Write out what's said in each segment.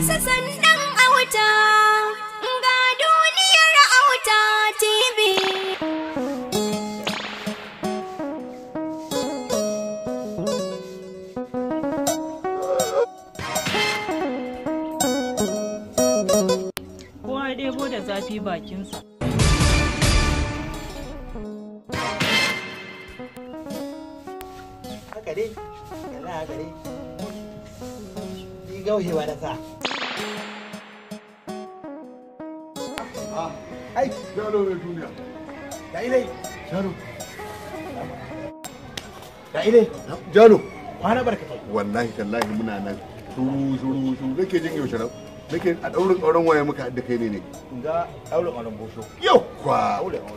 sa sandan auta ga duniyar auta TV. Kowa ɗebo da zafi bakinsa. Haka dai, haka dai. gauhewa da sa. Ah. ai yaro mai duniya da ilai yaro da ilai jalo kwana barkatai wallahi tallahi muna nan nake jin nake a daurin auren waye muka haɗa kai ne ne ga daurin auren bosho yau kwa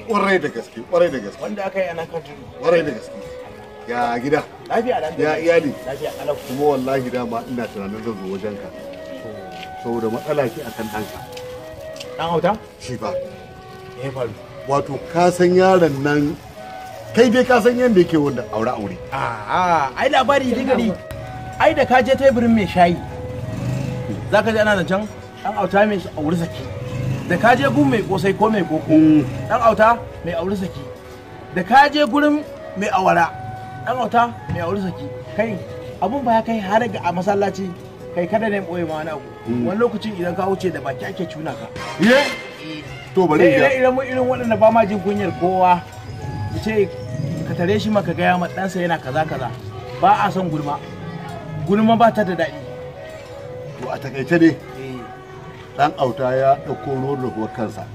kwarai da gaske kwarai da gaske wanda aka yi kan tudu kwarai da gaske ya gida lafiya ya iyali lafiya kalau kuma wallahi dama ina tunanin zan zo wajenka saboda matsala ki akan ɗanka dan auta shi ba eh faru wato ka san yaron nan kai dai ka san yadda yake wanda aure aure a ai labari digari ai da ka je teburin mai shayi za ka je ana can dan auta mai aure saki da ka je gun mai kosai ko mai koko mm. dan auta mai aure saki da ka je gurin mai awara dan auta mai aure saki kai abun ba ya kai har ga masallaci kai kada ne boye ma wani abu hmm. wani lokacin idan ka wuce da baki ake cuna ka ye eh. to bari ya irin irin waɗanda ba ma jin kunyar kowa ce ka tare shi maka gaya ma ɗansa yana kaza kaza ba a son gulma gulma ba ta da daɗi to a takaice ne eh. dan auta ya ɗauko ruwan rahuwar kansa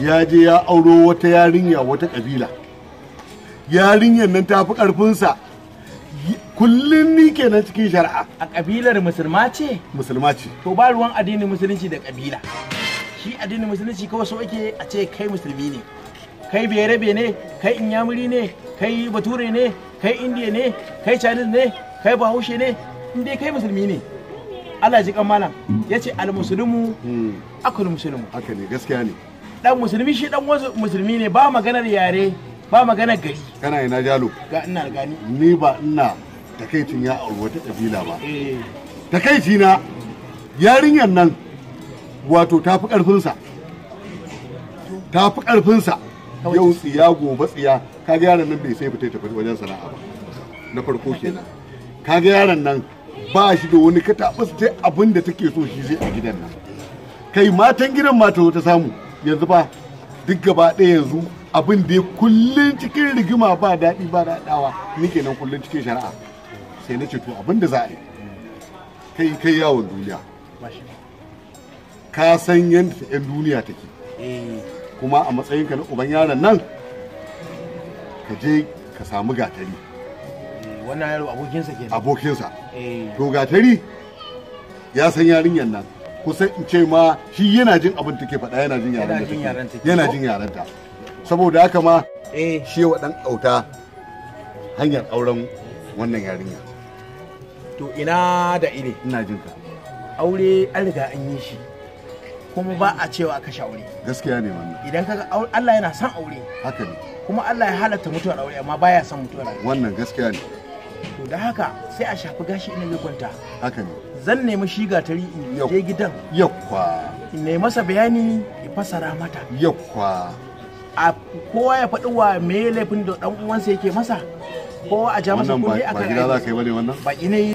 ya je ya auro wata yarinya wata ƙabila yarinyar nan ta fi ƙarfinsa kullum ni kenan cikin shari'a a ƙabilar musulma ce musulma ce to ba ruwan addinin musulunci da ƙabila. shi addinin musulunci kawai so ake a ce kai musulmi ne kai berabe ne kai inyamuri ne kai bature ne kai indiya ne kai chinese ne kai bahaushe ne inda kai musulmi ne Allah ji malam ya ce almusulmu hmm. akul musulmu haka ne gaskiya ne dan musulmi shi dan wasu musulmi ne ba maganar yare ba maganar gari kana ina jalo ga ina gani ni ba ina takaicin ya auri wata kabila ba takaici na yarinyar nan wato ta fi ƙarfinsa ta fi ƙarfinsa yau tsiya gobe tsiya kaga yaron nan bai sai fita tafi wajen sana'a ba na farko kenan kaga yaron nan ba shi da wani su dai abin da take so shi zai a gidan nan kai matan gidan mata ta samu yanzu ba duk gaba ɗaya yanzu abin da ya kullun cikin rigima ba daɗi ba daɗawa nike nan kullun cikin shari'a sai na ce to abin da za a yi kai kai yawon duniya ka san yadda ta yan duniya take kuma a matsayinka na uban yaron nan ka je ka samu gatari wannan yaro abokinsa ke abokinsa eh. to gatari ya san yarinyar nan kusan in ce ma shi yana jin abin take faɗa yana jin yaren take yana jin yaren ta saboda haka ma eh. shi wa dan auta hanyar auren wannan yarinya to ina da ire ina jin ka aure an riga an yi shi kuma ba a cewa sha aure gaskiya ne wannan idan kaga Allah yana son aure haka ne kuma Allah ya halatta mutuwar aure amma baya son mutuwar aure wannan gaskiya ne to da haka sai a shafi gashi ina zai kwanta haka ne zan nemi shi tari in je gidan yakwa in nemi masa bayani ya fasara mata yakwa a kowa ya faɗi wa me laifin da dan uwansa yake masa kowa a ja masa kuɗi a kan ba gida za ka yi bane wannan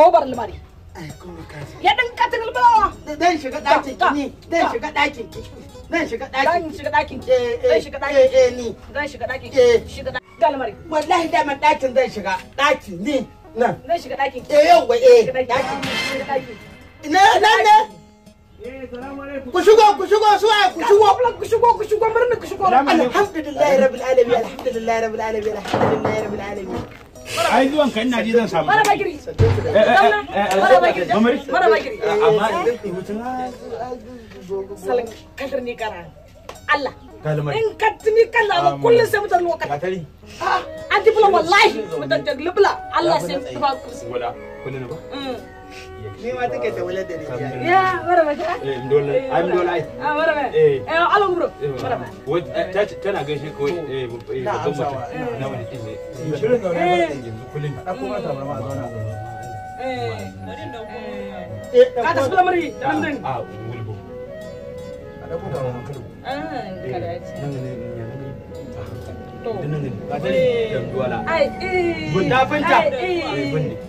kawo bar almari ya dan katin albawa dan shiga dakin ki ne dan shiga dakin ki dan shiga dakin eh, eh, dan shiga dakin eh, ki dan shiga dakin eh eh ni dan shiga dakin ki shiga almari wallahi da man zan shiga daki ne nan dan shiga dakin eh yawa eh dakin ne nan ne ku shigo ku shigo suwaye ku shigo ku shigo ku shigo murna ku shigo alhamdulillahi rabbil alamin alhamdulillahi rabbil alamin alhamdulillahi rabbil alamin ai zuwan ka ina ji zan samu mara bagiri mara bagiri mara bagiri amma salak kadar ne kara Allah in ka tuni kalla ba kullun sai mutan loka katari a wallahi Allah sai ba wala kullun ba ni ma take ta wala da ni ya maraba ta eh dole ai dole ai ah maraba eh ala gubro maraba wai ta tana gaishe ko eh eh, eh. eh eh da kuma na wani din ne shirin da wani din kullun da kuma ta maraba a zauna eh bari da ku eh ka ta sula mari da ah, nan din ah wulbo da ku ta maraba kullun ah kada ce to nan ne ba ta da duwala ai eh bunda bunda eh bunda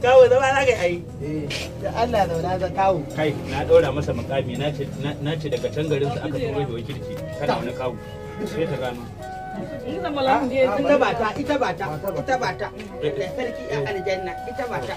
kawo zama na ga ai eh, da Allah zauna za kawo kai na ɗora masa makami na ce daga can garin su aka turo da wakilci kana wani kawo sai ta gano ah, ita ba ta ita ba ta ita ba ta eh, eh. sarki a aljanna ita ba ta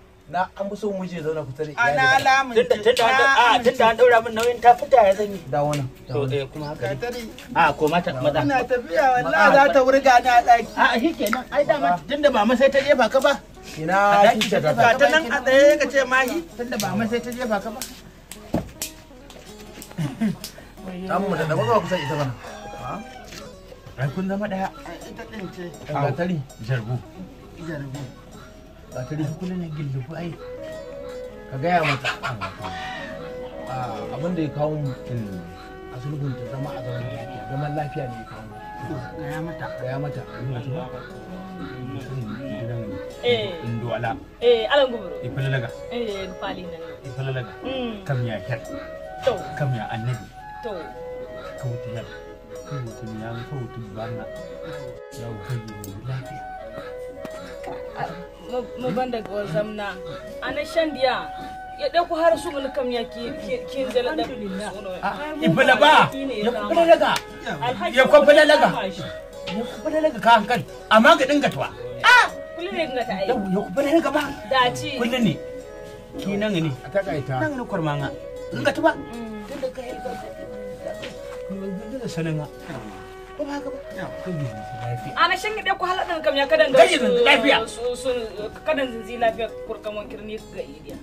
na an fi so zauna kusa da ana alamun tunda tunda a tunda an daura min nauyin ta fita ya zanyi da wannan to eh kuma haka a ko mata maza ina tafiya wallahi za ta wurga na daki a shikenan ai dama tunda mama sai ta jefa ka ba ina kike ta ta nan a tsaye ka ce mahi tunda mama sai ta jefa ka ba da da ba kusa ita bana. Ai kun zama daya. Ita din ce. ba ta rufe kullum gillufu ai ka gaya mata ah, abin da ya kawo mu a sulhun ta zama a zaman lafiya zaman lafiya ne ya kawo gaya mata gaya mata Nduwala. Eh, alam eh, gubro. Ifalalaga. Eh, eh, fali nan. Ifalalaga. Eh, hmm. Kam ya kyar. To. Kam ya annabi. To. Ka wuce Kau Ka Kau miyam, Kau wuce Kau Ya Kau lafiya. mu ban da gawar zamna ana shan diya ya ɗauko har su kam ya kin zala da ba ya laga ya laga ya laga ka hankali amma ga dinga tuwa ne dinga ta ai ya kubla laga ba daci kullum ne ki nan ne a takaita nan ne kurmanga dinga tuwa ko ba haka ba a na shin kam ya kadan da lafiya kadan zinzi lafiya kirni ga idiya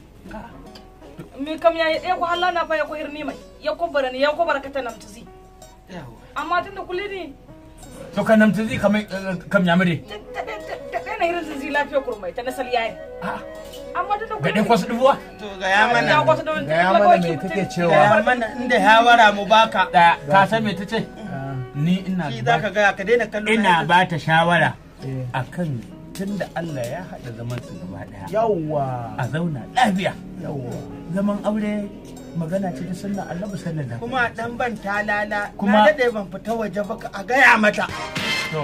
mi kam ya ya eh, ku halana fa ya ku hirni mai ya ku barani ya ku barakata namtuzi amma tunda kulli ne to kan namtuzi kam eh, eh, kam ya mure na irin zinzi lafiya kurmai ta nasal yayi amma kwasu dubuwa to ga ya mana ga ya mana cewa ga ya mana inda ya wara mu baka ka san ni ina ki za ka ka daina kallon ina ba ta shawara eh. akan tun da Allah ya haɗa zaman su gaba ɗaya yawa a zauna lafiya yawa zaman aure magana ce ta sunna Allah da kuma dan ban talala kuma na dade ban fita waje ba a gaya mata to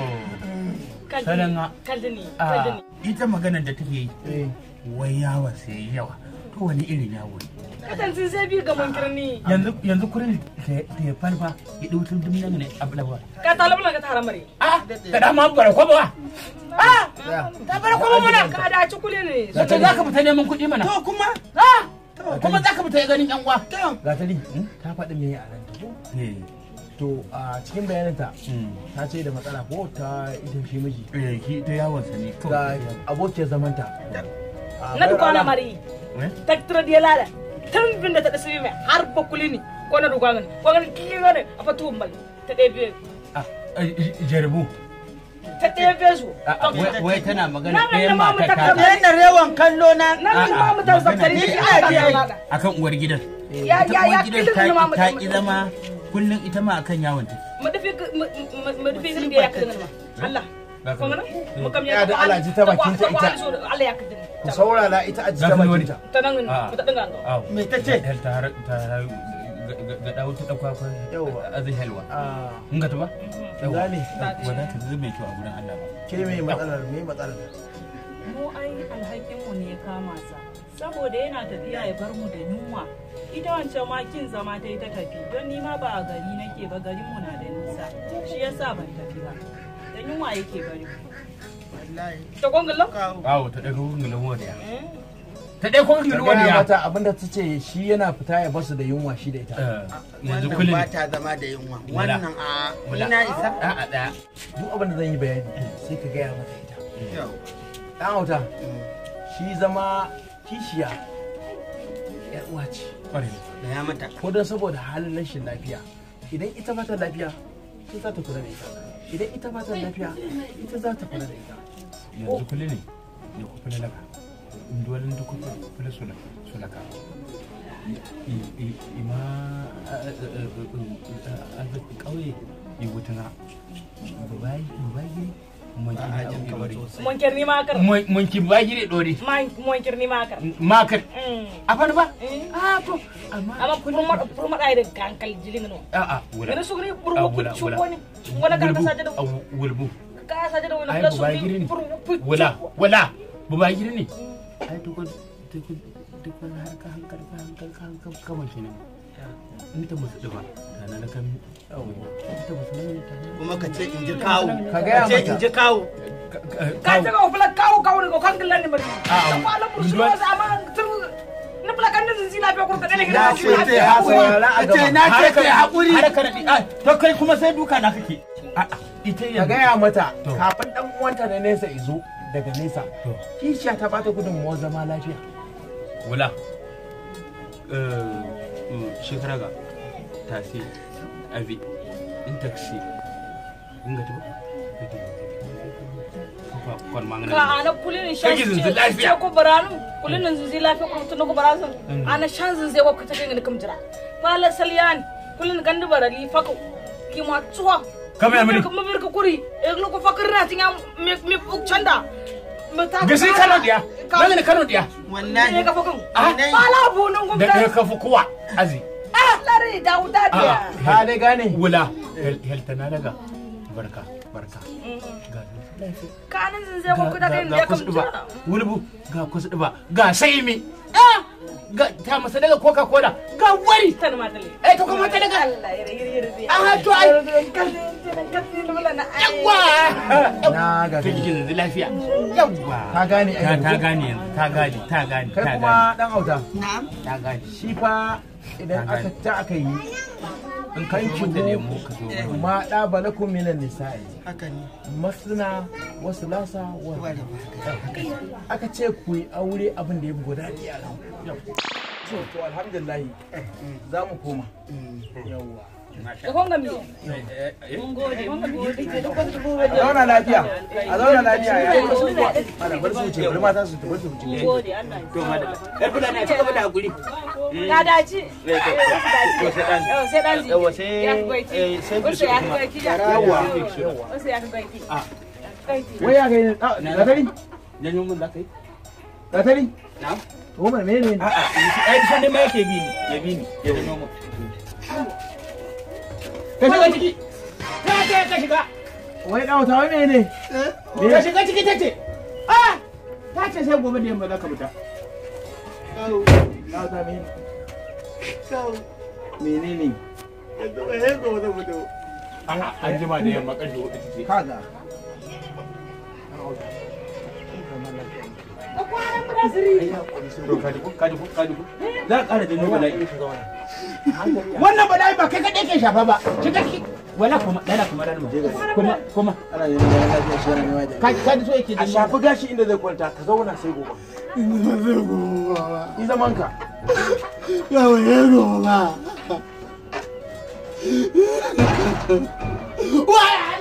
kallin kallin kaldini ita magana da take yi eh. wai yawa sai yawa to wani irin yawo ne katan sun sai bi ga mankirni yanzu yanzu kurin da ya falba ya dau tun dum nan ne ablawa ka ta labna ka tara mare ah ka da ma bara ko ba ah ta bara ko mana ka da ci kule ne zaka zaka fita neman kuɗi mana to kuma ah kuma zaka fita ganin yan uwa ga ta ni hmm? ta faɗi me a ran eh. to a cikin bayaninta hmm. ta ce da matsala ko ta ita shi miji eh ki ta yawon sa ne ga abokiyar zamanta na dukwana mari eh? tak tro dia lada tambin da ta da sirri har bakuli ne ko na ruga ne ko ganin kiki ne a fatu bal ta ɗaya biyu a jaribu. ta ɗaya biyu su ah, ah, wai tana magana ɗaya mata ta ta yana rewan kallo na nan ah, ma ta zaftari ne a biya akan uwar gidan ya ya ya kilin ma mutan ta ki zama kullun ita ma akan yawon ta. mu dufi mu dufi da ya kilin ma Allah Eh, mukam ya da ala ji ta bakin ta ita Allah ya kaddin ku saurara ita a ji ta bakin ta ta nan ah. ta dinga me ta ce ta ta ga dawo ta dauka ko yawa azai halwa in ah. ga ta ba gane wannan ta zai bai kyau a gurin Allah ba ke me matsalar me matsalar mu ai alhakin mu ne ya kama sa saboda yana tafiya ya bar mu da yunwa ita wancan ma kin zama ta yi ta tafi don nima ba gari nake ba garin mu na da nisa shi yasa ban tafi ba yunwa yake bari ta kwangilan? awo ta ɗaga wani ya. Eh. ta ɗaya kwangilan wariya ta gaya mata abinda ta ce shi yana fita ya basu da yunwa shi da ita eh, yanzu kullum ba ta zama da yunwa wannan a ina isa a ɗaya duk abinda zan yi bayani sai ka gaya mata ita ɗan hauta mm. shi zama kishiya yar uwa ce ko don saboda halin rashin lafiya idan ita ba ta lafiya sai za ta kula da ita idan ita ba ta lafiya ita za ta kula da ita yanzu kula ne ya na laka dole da kuma kula laka ima a kauye ya wuta na monkir ni makar monkir ba gire dore monkir ni makar makar a fa ba a to amma amma kun mar kun mar ai da kankal jilin no a a wala ne su gure burbo ku chuko ne wala ka sa da wulbu ka sa da wala su wala wala bu ba gire ne ai to ko to kun to ko har ka hankal ka hankal ka hankal ka mace ne in ta musu ɗiba tana na kan kuma ka ce in ji kawo ka ce in ji kawo ka ce kawo fula kawo kawo ne ko kan gillan ne bari ta kwalon bursu ba za a ma na fula kan nan zinzina bai kurka ɗaya na ce a haƙuri na ce ta haƙuri to kai kuma sai duka na kake ita ga ya mata kafin dan uwanta na nesa izo daga nesa kishiya ta bata gudunmuwar zama lafiya wula eh, shekaraga tasi avi in taxi in ga kon ma ngana ana kulin shan lafiya ko baranu kulin lafiya ko tun ko ana shan ko mala salyan kulin gandu barali fako ki ma tuwa kamar amiri kuma bir ka kuri ko na me me fuk chanda wallahi ne kafa kun ah. bala bunun gumda da kai kafa kuwa azi ah lari da wuta da ah, ha ah. dai gane wula heltana daga barka barka kanin zan zai kun kuda kai ne ya kamta wulbu ga kusduba ga sai mi ah ga ta masa daga coca cola ga wari eh to kuma ta daga aha to ai yawa na ga ta jikin da lafiya yawa ta gane ta gane ta gane ta gane ta gane kuma dan auta na'am ta gane shi fa idan aka ta aka yi in kan zo da ma da balakum minan nisa'i haka ne masna wasu lasa ah, aka ce ku yi aure abin da ya bugu daɗi a nan to alhamdulillah mm. za mu koma mm. yawwa Ka miya. Mun A zauna lafiya. A zauna na ci mm. Ka daji. Eh, to sai ya eh, yi Ah. Wai ya gaiki. Ah, ka shiga ciki ta ce eh? ka shiga wai ɗauta wai ne shiga ciki ta ce ah ta ce sai gobe da yamma ka fita ɗauta mene mene ne an jima da yamma ƙarfi hudu ce ka wannan ba dai ba kai kaɗai ke shafa ba shi kake wala kuma dana kuma dala kuma kuma ana yin da lafiya shi yana mai da kai kai so yake da shafa gashi inda zai kwanta ka zauna sai gobe inda zai gobe ni zaman ka ya waye gobe waya